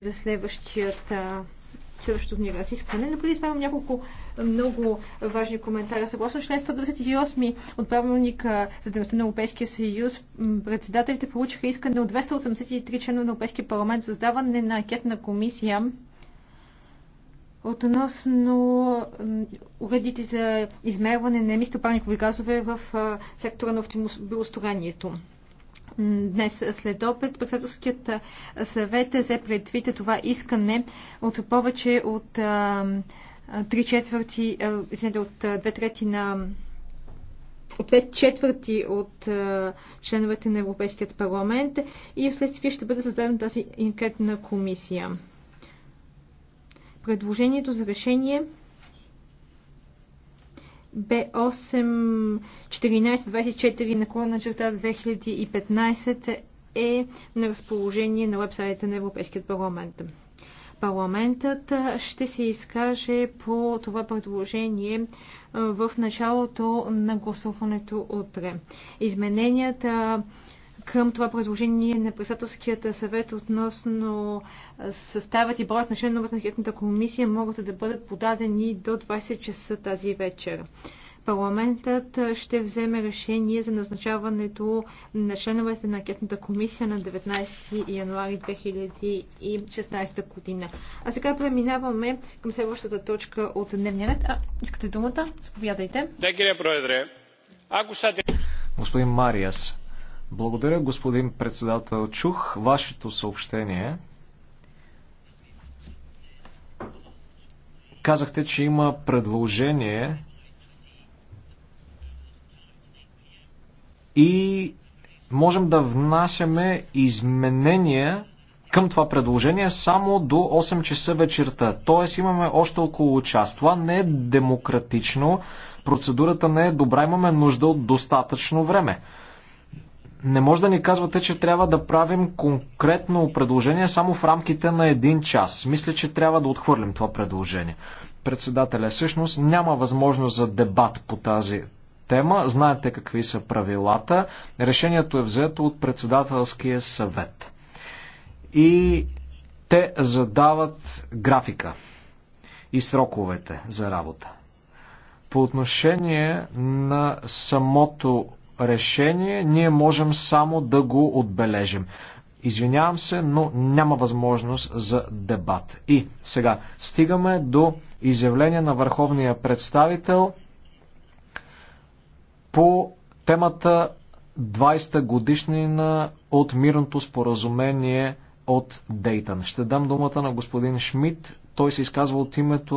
за следващата следващото ни разискване. Но преди това имам няколко много важни коментари. Съгласно член 128 от правилника за дейността на Европейския съюз, председателите получиха искане от 283 членове на Европейския парламент за създаване на анкетна комисия относно уредите за измерване на емисиите газове в сектора на автомобилостроението днес след обед. Председателският съвет взе предвид това искане от повече от три четвърти, извинете, от две трети на от четвърти от членовете на Европейският парламент и вследствие ще бъде създадена тази инкретна комисия. Предложението за решение Б8 1424 наклона черта 2015 е на разположение на вебсайта на Европейският парламент. Парламентът ще се изкаже по това предложение в началото на гласуването утре. Измененията към това предложение на председателският съвет относно съставът и броят на членовете на анкетната комисия могат да бъдат подадени до 20 часа тази вечер. Парламентът ще вземе решение за назначаването на членовете на анкетната комисия на 19 януари 2016 година. А сега преминаваме към следващата точка от дневния ред. А, искате думата? Заповядайте. Господин Мариас, благодаря, господин председател. Чух вашето съобщение. Казахте, че има предложение и можем да внасяме изменения към това предложение само до 8 часа вечерта. Тоест имаме още около час. Това не е демократично, процедурата не е добра, имаме нужда от достатъчно време не може да ни казвате, че трябва да правим конкретно предложение само в рамките на един час. Мисля, че трябва да отхвърлим това предложение. Председателя, всъщност няма възможност за дебат по тази тема. Знаете какви са правилата. Решението е взето от председателския съвет. И те задават графика и сроковете за работа. По отношение на самото решение, ние можем само да го отбележим. Извинявам се, но няма възможност за дебат. И сега стигаме до изявление на върховния представител по темата 20-та годишнина от мирното споразумение от Дейтън. Ще дам думата на господин Шмидт. Той се изказва от името